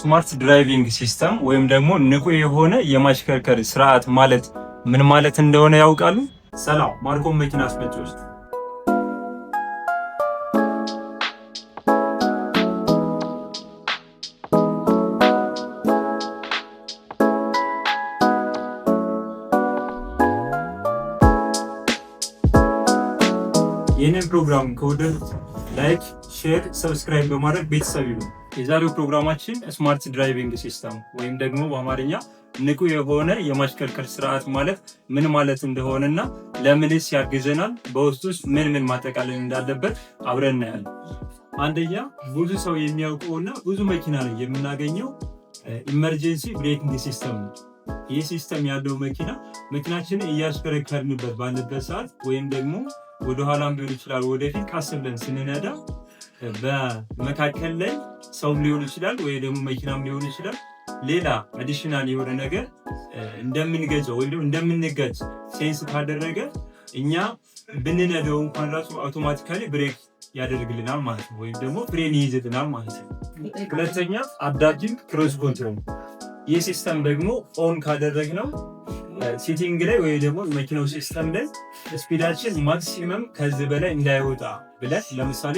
ስማርት ድራይቪንግ ሲስተም ወይም ደግሞ ንቁ የሆነ የማሽከርከር ስርዓት ማለት ምን ማለት እንደሆነ ያውቃሉ? ሰላም፣ ማርኮ መኪና አስመጪዎች ይህንን ፕሮግራም ከወደዱት ላይክ፣ ሼር፣ ሰብስክራይብ በማድረግ ቤተሰብ ይሁን። የዛሬው ፕሮግራማችን ስማርት ድራይቪንግ ሲስተም ወይም ደግሞ በአማርኛ ንቁ የሆነ የማሽከርከር ስርዓት ማለት ምን ማለት እንደሆነና ለምንስ ያግዘናል፣ በውስጡ ውስጥ ምን ምን ማጠቃለል እንዳለበት አብረን እናያለን። አንደኛ ብዙ ሰው የሚያውቀውና ብዙ መኪና ነው የምናገኘው ኢመርጀንሲ ብሬኪንግ ሲስተም ነው። ይህ ሲስተም ያለው መኪና መኪናችንን እያሽከረከርንበት ባለበት ሰዓት ወይም ደግሞ ወደኋላም ሊሆን ይችላል ወደፊት ካስ ብለን ስንነዳ በመካከል ላይ ሰውም ሊሆን ይችላል ወይ ደግሞ መኪናም ሊሆን ይችላል ሌላ አዲሽናል የሆነ ነገር እንደምንገዛው ወይም ደግሞ እንደምንገጭ ሴንስ ካደረገ እኛ ብንነደው እንኳን ራሱ አውቶማቲካሊ ብሬክ ያደርግልናል ማለት ነው፣ ወይም ደግሞ ፍሬን ይይዝልናል ማለት ነው። ሁለተኛ አዳፕቲቭ ክሮስ ኮንትሮል ይህ ሲስተም ደግሞ ኦን ካደረግነው ሲቲንግ ላይ ወይ ደግሞ መኪናው ሲስተም ላይ ስፒዳችን ማክሲመም ከዚህ በላይ እንዳይወጣ ብለን ለምሳሌ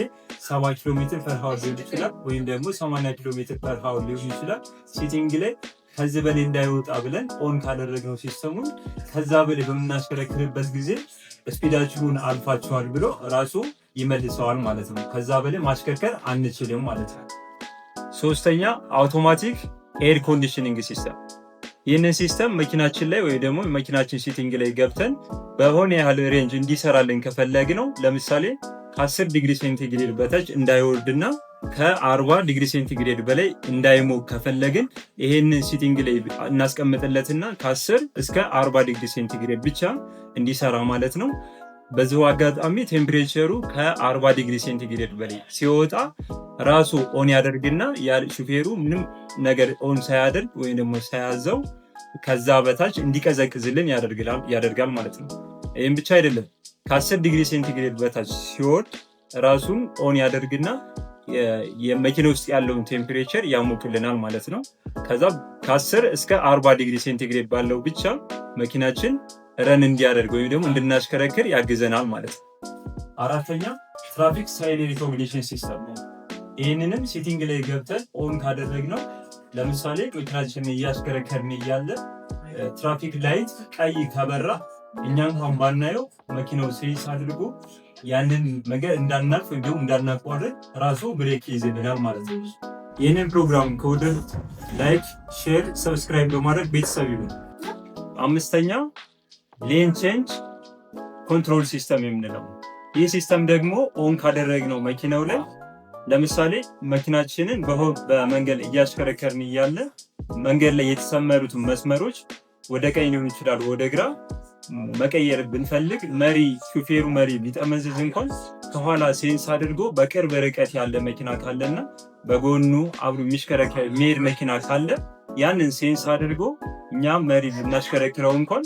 ሰባ ኪሎ ሜትር ፐር ሊሆን ይችላል፣ ወይም ደግሞ ሰማንያ ኪሎ ሜትር ፐር ሊሆን ይችላል። ሲቲንግ ላይ ከዚህ በላይ እንዳይወጣ ብለን ኦን ካደረግነው ሲስተሙን ከዛ በላይ በምናሽከረክርበት ጊዜ ስፒዳችሁን አልፋችኋል ብሎ ራሱ ይመልሰዋል ማለት ነው። ከዛ በላይ ማሽከርከር አንችልም ማለት ነው። ሶስተኛ አውቶማቲክ ኤር ኮንዲሽኒንግ ሲስተም ይህንን ሲስተም መኪናችን ላይ ወይ ደግሞ መኪናችን ሲቲንግ ላይ ገብተን በሆነ ያህል ሬንጅ እንዲሰራልን ከፈለግ ነው ለምሳሌ ከ10 ዲግሪ ሴንቲግሬድ በታች እንዳይወርድና ከ40 ዲግሪ ሴንቲግሬድ በላይ እንዳይሞቅ ከፈለግን ይሄንን ሲቲንግ ላይ እናስቀምጥለትና ከ10 እስከ 40 ዲግሪ ሴንቲግሬድ ብቻ እንዲሰራ ማለት ነው። በዚሁ አጋጣሚ ቴምፕሬቸሩ ከ40 ዲግሪ ሴንቲግሬድ በላይ ሲወጣ ራሱ ኦን ያደርግና ሹፌሩ ምንም ነገር ኦን ሳያደርግ ወይም ደግሞ ሳያዘው ከዛ በታች እንዲቀዘቅዝልን ያደርጋል ማለት ነው። ይህም ብቻ አይደለም፣ ከ10 ዲግሪ ሴንቲግሬድ በታች ሲወርድ ራሱን ኦን ያደርግና የመኪና ውስጥ ያለውን ቴምፕሬቸር ያሞቅልናል ማለት ነው። ከዛ ከ10 እስከ 40 ዲግሪ ሴንቲግሬድ ባለው ብቻ መኪናችን ረን እንዲያደርግ ወይም ደግሞ እንድናሽከረክር ያግዘናል ማለት ነው። አራተኛ ትራፊክ ሳይን ሪኮግኒሽን ሲስተም ነው። ይህንንም ሴቲንግ ላይ ገብተን ኦን ካደረግነው ለምሳሌ መኪናችን እያሽከረከርን እያለ ትራፊክ ላይት ቀይ ከበራ እኛ እንኳን ባናየው መኪናው ሴንስ አድርጎ ያንን ነገር እንዳናልፍ እንዲሁም እንዳናቋርጥ ራሱ ብሬክ ይይዝልናል ማለት ነው። ይህንን ፕሮግራም ከወደዱት ላይክ፣ ሼር፣ ሰብስክራይብ በማድረግ ቤተሰብ ይሁን። አምስተኛ ሌን ቼንጅ ኮንትሮል ሲስተም የምንለው ይህ ሲስተም ደግሞ ኦን ካደረግነው መኪናው ላይ ለምሳሌ መኪናችንን በመንገድ እያሽከረከርን እያለ መንገድ ላይ የተሰመሩትን መስመሮች ወደ ቀኝ ሊሆን ይችላል፣ ወደ ግራ መቀየር ብንፈልግ መሪ ሹፌሩ መሪ ቢጠመዝዝ እንኳን ከኋላ ሴንስ አድርጎ በቅርብ ርቀት ያለ መኪና ካለና በጎኑ አብሮ የሚሽከረከር የሚሄድ መኪና ካለ ያንን ሴንስ አድርጎ እኛም መሪ ብናሽከረክረው እንኳን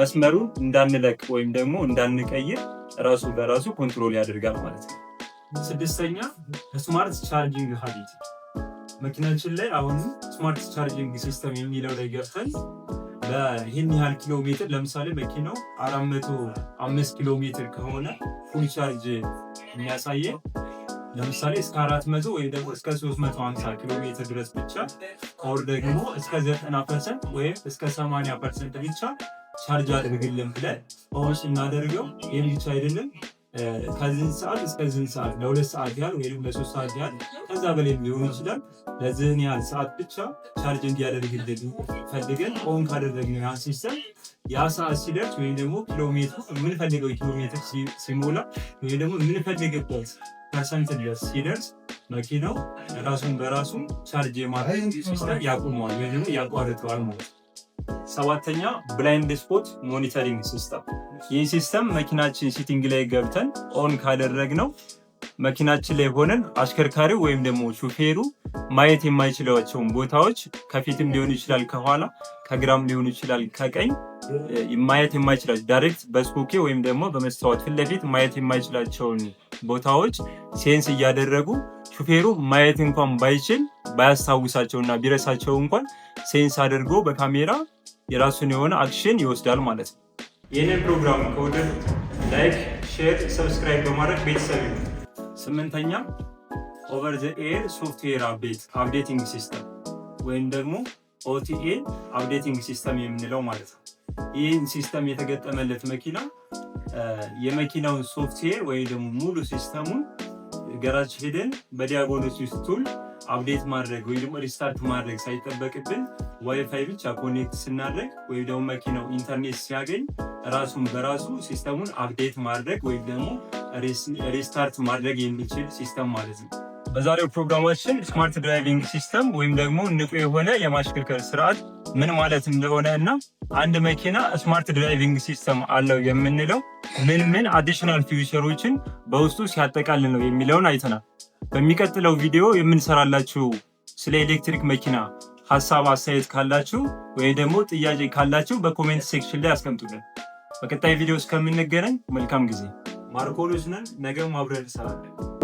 መስመሩን እንዳንለቅ ወይም ደግሞ እንዳንቀይር ራሱ በራሱ ኮንትሮል ያደርጋል ማለት ነው። ስድስተኛ ስማርት ቻርጂንግ ሀቢት መኪናችን ላይ አሁንም ስማርት ቻርጂንግ ሲስተም የሚለው ላይ ገብተን ይህን ያህል ኪሎ ሜትር ለምሳሌ መኪናው አራት መቶ አምስት ኪሎ ሜትር ከሆነ ፉል ቻርጅ የሚያሳየ ለምሳሌ እስከ አራት መቶ ወይም ደግሞ እስከ ሶስት መቶ ሀምሳ ኪሎ ሜትር ድረስ ብቻ ከወር ደግሞ እስከ ዘጠና ፐርሰንት ወይም እስከ ሰማንያ ፐርሰንት ብቻ ቻርጅ አድርግልን ብለን ኦን ስናደርገው ይህም ብቻ አይደለም ከዚህን ሰዓት እስከዚህን ሰዓት ለሁለት ሰዓት ያህል ወይም ለሶስት ሰዓት ያህል ከዛ በላይ ሊሆን ይችላል። ለዚህን ያህል ሰዓት ብቻ ቻርጅ እንዲያደርግልን ፈልገን ኦን ካደረግነው ያን ሲስተም ያ ሰዓት ሲደርስ ወይም ደግሞ ኪሎሜትሩ የምንፈልገው ኪሎሜትር ሲሞላ ወይም ደግሞ የምንፈልግበት ፐርሰንት ድረስ ሲደርስ መኪናው ራሱን በራሱ ቻርጅ የማድረግ ሲስተም ያቁመዋል ወይም ደግሞ ያቋርጠዋል ማለት ነው። ሰባተኛ ብላይንድ ስፖት ሞኒተሪንግ ሲስተም። ይህ ሲስተም መኪናችን ሲቲንግ ላይ ገብተን ኦን ካደረግነው መኪናችን ላይ ሆነን አሽከርካሪው ወይም ደግሞ ሹፌሩ ማየት የማይችላቸውን ቦታዎች ከፊትም ሊሆን ይችላል፣ ከኋላ ከግራም ሊሆን ይችላል፣ ከቀኝ ማየት የማይችላቸው ዳይሬክት በስፖኬ ወይም ደግሞ በመስታወት ፊት ለፊት ማየት የማይችላቸውን ቦታዎች ሴንስ እያደረጉ ሹፌሩ ማየት እንኳን ባይችል ባያስታውሳቸውና ቢረሳቸው እንኳን ሴንስ አድርጎ በካሜራ የራሱን የሆነ አክሽን ይወስዳል ማለት ነው። ይህንን ፕሮግራም ከወደዱት ላይክ፣ ሼር፣ ሰብስክራይብ በማድረግ ቤተሰብ ስምንተኛ ኦቨር ዘ ኤር ሶፍትዌር አፕዴት አፕዴቲንግ ሲስተም ወይም ደግሞ ኦቲኤ አፕዴቲንግ ሲስተም የምንለው ማለት ነው። ይህን ሲስተም የተገጠመለት መኪና የመኪናውን ሶፍትዌር ወይም ደግሞ ሙሉ ሲስተሙን ገራጅ ሄደን በዲያጎኖሲስ ቱል አፕዴት ማድረግ ወይ ደግሞ ሪስታርት ማድረግ ሳይጠበቅብን ዋይፋይ ብቻ ኮኔክት ስናደርግ ወይም ደግሞ መኪናው ኢንተርኔት ሲያገኝ ራሱን በራሱ ሲስተሙን አፕዴት ማድረግ ወይም ደግሞ ሪስታርት ማድረግ የሚችል ሲስተም ማለት ነው። በዛሬው ፕሮግራማችን ስማርት ድራይቪንግ ሲስተም ወይም ደግሞ ንቁ የሆነ የማሽከርከር ስርዓት ምን ማለት እንደሆነ እና አንድ መኪና ስማርት ድራይቪንግ ሲስተም አለው የምንለው ምን ምን አዲሽናል ፊውቸሮችን በውስጡ ሲያጠቃልል ነው የሚለውን አይተናል። በሚቀጥለው ቪዲዮ የምንሰራላችሁ ስለ ኤሌክትሪክ መኪና ሀሳብ አስተያየት ካላችሁ ወይም ደግሞ ጥያቄ ካላችሁ በኮሜንት ሴክሽን ላይ አስቀምጡልን። በቀጣይ ቪዲዮ እስከምንገናኝ መልካም ጊዜ። ማርኮሎች ነን። ነገም አብረን እንሰራለን።